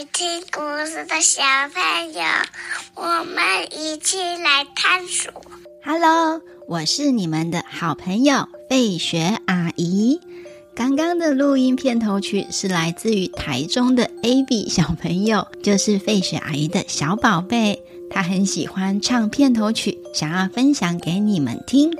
愛聽故事的小朋友，我們一起來探索。Hello，我是你們的好朋友費雪阿姨。剛剛的錄音片頭曲是來自於台中的 AB 小朋友，就是費雪阿姨的小寶貝，她很喜歡唱片頭曲，想要分享給你們聽。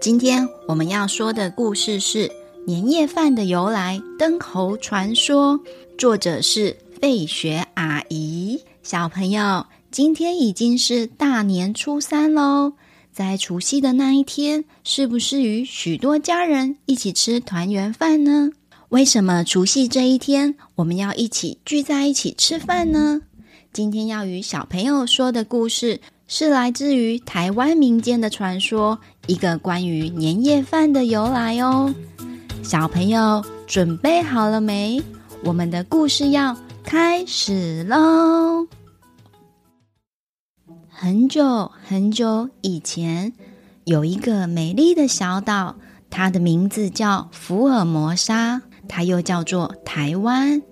今天我們要說的故事是《年夜飯的由來——燈猴傳說》，作者是。費雪阿姨，小朋友，今天已經是大年初三嘍。在除夕的那一天，是不是與許多家人一起吃團圓飯呢？為什麼除夕這一天我們要一起聚在一起吃飯呢？今天要與小朋友說的故事是來自於台灣民間的傳說，一個關於年夜飯的由來哦。小朋友準備好了沒？我們的故事要。開始嘍！很久很久以前，有一個美麗的小島，它的名字叫福爾摩沙，它又叫做台灣。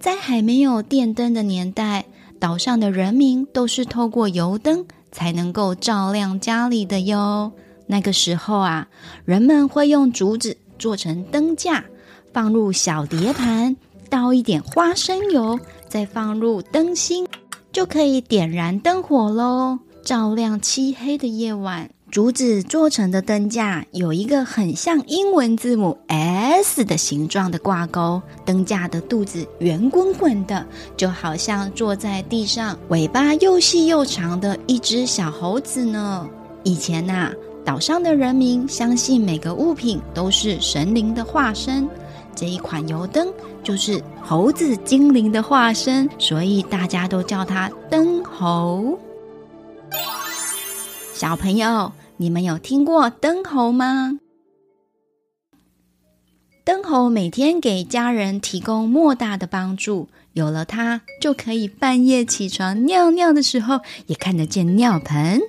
在還沒有電燈的年代，島上的人民都是透過油燈才能夠照亮家裡的喲。那個時候啊，人們會用竹子做成燈架，放入小碟盤。倒一點花生油，再放入燈芯，就可以點燃燈火嘍，照亮漆黑的夜晚。竹子做成的燈架有一個很像英文字母 S 的形狀的掛鈎，燈架的肚子圓滾滾的，就好像坐在地上、尾巴又細又長的一隻小猴子呢。以前吶、啊，島上的人民相信每個物品都是神靈的化身。這一款油燈就是猴子精靈的化身，所以大家都叫它燈猴。小朋友，你們有聽過燈猴嗎？燈猴每天給家人提供莫大的幫助，有了它就可以半夜起床尿尿的時候也看得見尿盆。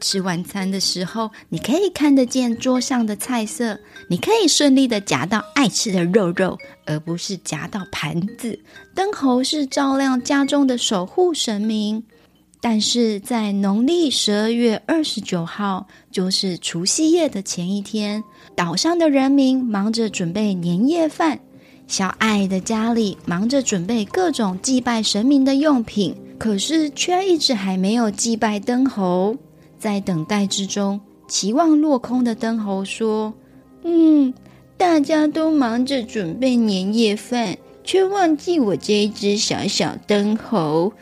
吃晚餐的時候，你可以看得見桌上的菜色，你可以順利的夾到愛吃的肉肉，而不是夾到盤子。燈猴是照亮家中的守護神明，但是在農曆十二月二十九號，就是除夕夜的前一天，島上的人民忙着準備年夜飯，小愛的家裡忙着準備各種祭拜神明的用品，可是卻一直還沒有祭拜燈猴。在等待之中，期望落空的燈猴說：“嗯，大家都忙着準備年夜飯，卻忘記我這一只小小燈猴，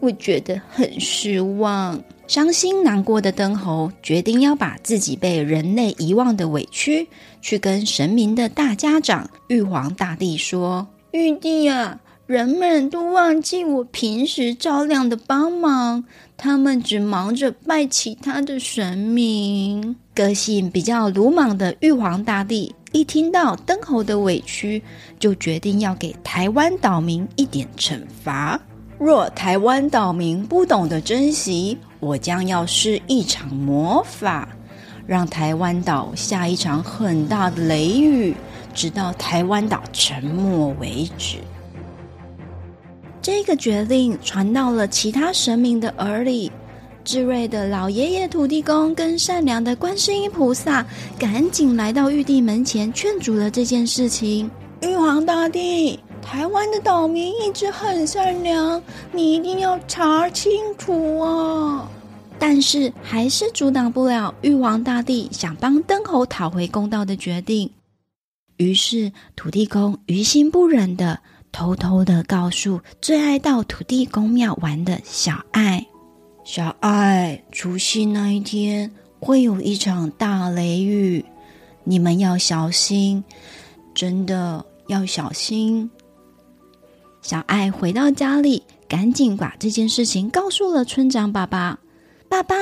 我覺得很失望。”傷心難過的燈猴決定要把自己被人類遺忘的委屈，去跟神明的大家長玉皇大帝說：“玉帝啊。”人們都忘記我平時照亮的幫忙，他們只忙着拜其他的神明。個性比較魯莽的玉皇大帝，一聽到燈猴的委屈，就決定要給台灣島民一點懲罰。若台灣島民不懂得珍惜，我將要施一場魔法，讓台灣島下一場很大的雷雨，直到台灣島沉沒為止。這個決定傳到了其他神明的耳裡，智慧的老爺爺土地公跟善良的觀世音菩薩趕緊來到玉帝門前勸阻了這件事情。玉皇大帝，台灣的島民一直很善良，你一定要查清楚啊、哦！但是還是阻擋不了玉皇大帝想幫燈猴討回公道的決定。於是土地公於心不忍的。偷偷地告訴最愛到土地公廟玩的小愛：“小愛，除夕那一天會有一場大雷雨，你們要小心，真的要小心。”小愛回到家裡，趕緊把這件事情告訴了村長爸爸。爸爸，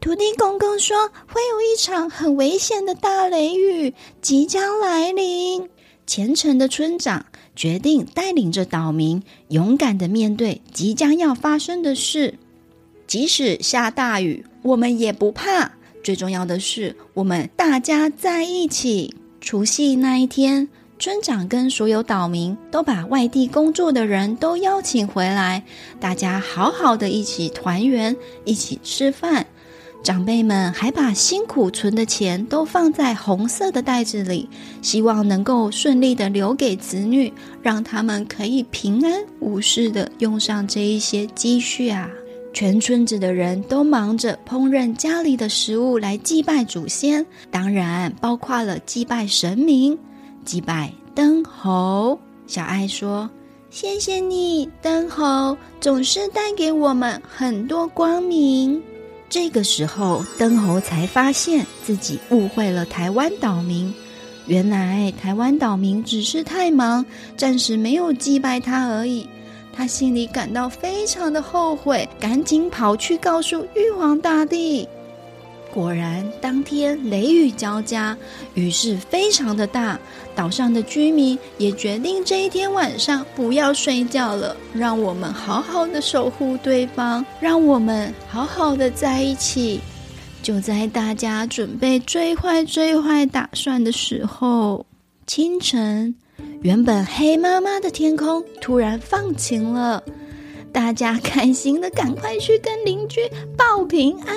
土地公公說會有一場很危險的大雷雨即將來臨。虔誠的村長。決定帶領着島民勇敢的面對即將要發生的事，即使下大雨，我們也不怕。最重要的是，我們大家在一起。除夕那一天，村長跟所有島民都把外地工作的人都邀請回來，大家好好的一起團圓，一起吃飯。長輩們還把辛苦存的錢都放在紅色的袋子裡，希望能夠順利地留給子女，讓他們可以平安無事地用上這一些積蓄啊！全村子的人都忙着烹飪家裡的食物來祭拜祖先，當然包括了祭拜神明、祭拜燈猴。小愛說：“謝謝你，燈猴總是帶給我們很多光明。”這個時候，燈猴才發現自己誤會了台灣島民。原來台灣島民只是太忙，暫時沒有祭拜他而已。他心裡感到非常的後悔，趕緊跑去告訴玉皇大帝。果然，當天雷雨交加，雨勢非常的大。島上的居民也決定這一天晚上不要睡覺了，讓我們好好的守護對方，讓我們好好的在一起。就在大家準備最壞最壞打算的時候，清晨，原本黑麻麻的天空突然放晴了。大家開心的趕快去跟鄰居報平安。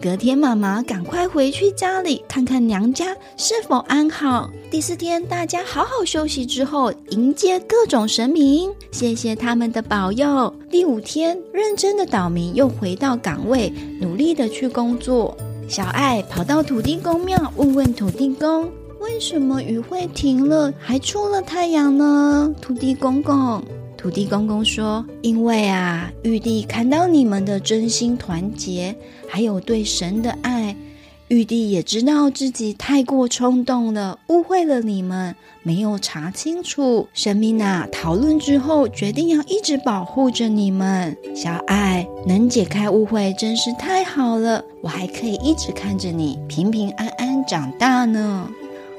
隔天媽媽趕快回去家裡看看娘家是否安好。第四天，大家好好休息之後迎接各種神明，謝謝他們的保佑。第五天，認真的島民又回到崗位，努力的去工作。小愛跑到土地公廟問問土地公，為什麼雨會停了，還出了太陽呢？土地公公。土地公公說：“因為啊，玉帝看到你們的真心團結，還有對神的愛，玉帝也知道自己太過衝動了，誤會了你們，沒有查清楚。神明啊，討論之後決定要一直保護着你們。小愛能解開誤會，真是太好了，我還可以一直看着你平平安安長大呢。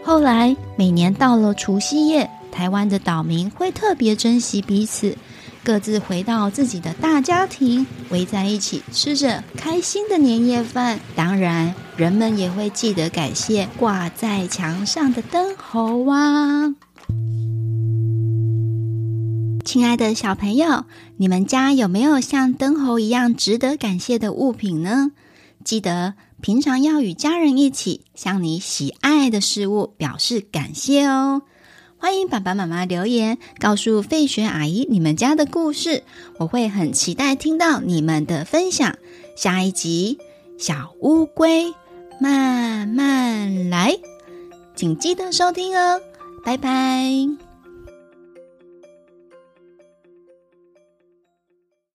後來每年到了除夕夜。”台灣的島民會特別珍惜彼此，各自回到自己的大家庭，圍在一起吃着開心的年夜飯。當然，人們也會記得感謝掛在牆上的燈猴哇！親愛的小朋友，你們家有沒有像燈猴一樣值得感謝的物品呢？記得平常要與家人一起向你喜愛的事物表示感謝哦。歡迎爸爸媽媽留言，告訴費雪阿姨你們家的故事，我會很期待聽到你們的分享。下一集，小烏龜慢慢來，請記得收聽哦，拜拜。